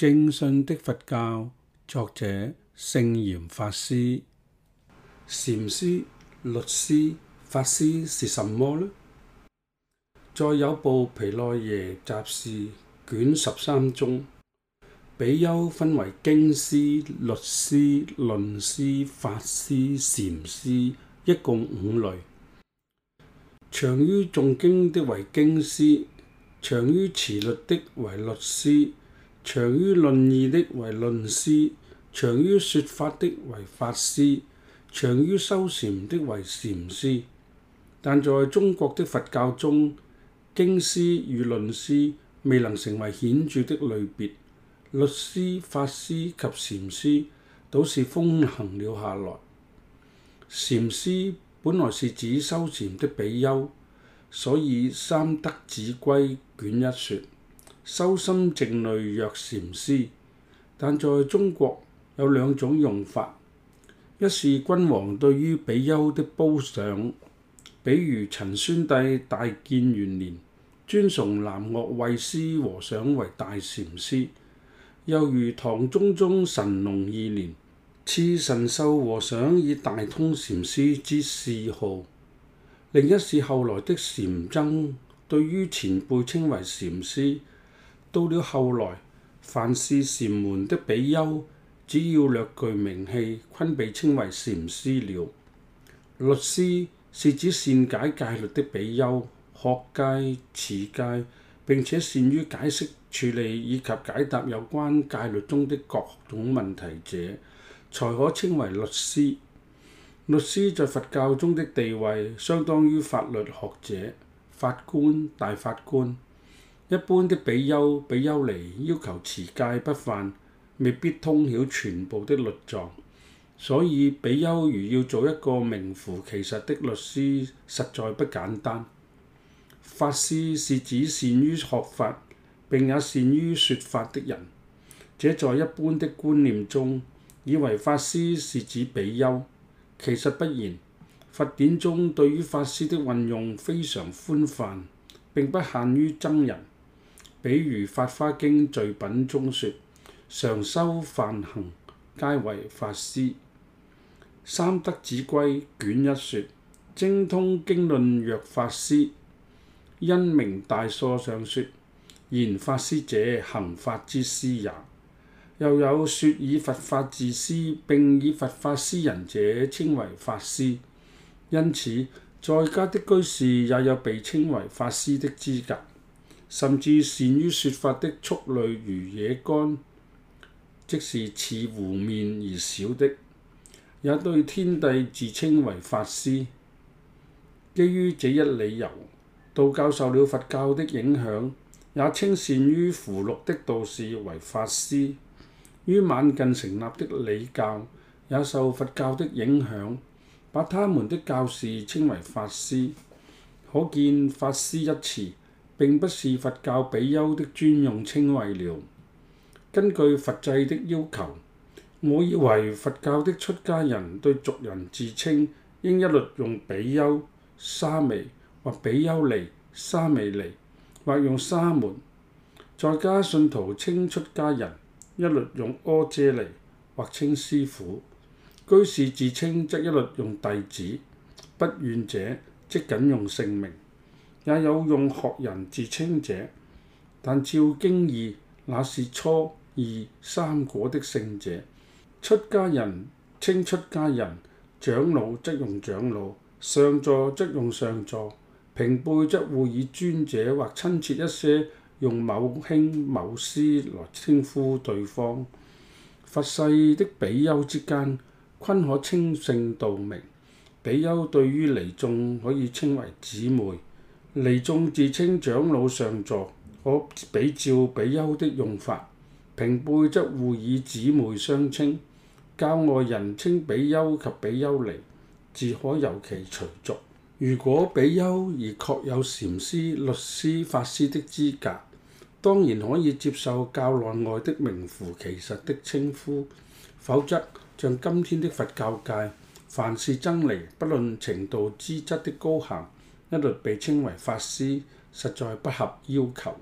正信的佛教，作者聖嚴法師。禪師、律師、法師是什麼呢？再有部皮諾耶雜事卷十三中，比丘分為經師、律師、論師、法師、禪師，一共五類，長於誦經的為經師，長於持律的為律師。長於論義的為論師，長於説法的為法師，長於修禪的為禪師。但在中國的佛教中，經師與論師未能成為顯著的類別，律師、法師及禪師倒是風行了下來。禪師本來是指修禪的比丘，所以三德指歸卷一說。修心靜慮，若禪師。但在中國有兩種用法，一是君王對於比丘的褒賞，比如陳宣帝大建元年，尊崇南岳慧思和尚為大禪師；又如唐中宗神龍二年，賜神秀和尚以大通禪師之諡號。另一是後來的禪僧對於前輩稱為禪師。到了後來，凡是禪門的比丘，只要略具名氣，均被稱為禪師了。律師是指善解戒律的比丘，學戒持戒，並且善於解釋、處理以及解答有關戒律中的各種問題者，才可稱為律師。律師在佛教中的地位，相當於法律學者、法官、大法官。一般的比丘、比丘尼要求持戒不犯，未必通曉全部的律藏，所以比丘如要做一個名副其實的律師實在不簡單。法師是指善於學法並也善於說法的人，這在一般的觀念中以為法師是指比丘，其實不然。佛典中對於法師的運用非常寬泛，並不限於僧人。比如《法花經》序品中說，常修梵行皆為法師；《三德指歸》卷一說，精通經論若法師；《因明大疏》上說，言法師者，行法之師也。又有說以佛法治師，並以佛法施人者，稱為法師。因此，在家的居士也有被稱為法師的資格。甚至善於說法的畜類如野干，即是似狐面而小的，也對天帝自稱為法師。基於這一理由，道教受了佛教的影響，也稱善於符籙的道士為法師。於晚近成立的理教也受佛教的影響，把他們的教士稱為法師。可見法師一詞，並不是佛教比丘的專用稱謂了。根據佛制的要求，我以為佛教的出家人對俗人自稱應一律用比丘、沙彌或比丘尼、沙彌尼，或用沙門。在家信徒稱出家人一律用阿闍黎，或稱師父。居士自稱則一律用弟子，不願者即僅用姓名。也有用學人自稱者，但照經義，那是初二三果的聖者。出家人稱出家人，長老則用長老，上座則用上座，平輩則會以尊者或親切一些用某兄某師來稱呼對方。佛世的比丘之間，均可稱姓道名，比丘對於尼眾可以稱為姊妹。尼眾自稱長老上座，可比照比丘的用法。平輩則互以姊妹相稱。教外人稱比丘及比丘尼，自可由其隨俗。如果比丘而確有禪師、律師、法師的資格，當然可以接受教內外的名符其實的稱呼。否則，像今天的佛教界，凡事爭離，不論程度資質的高下。一律被稱為法師，實在不合要求。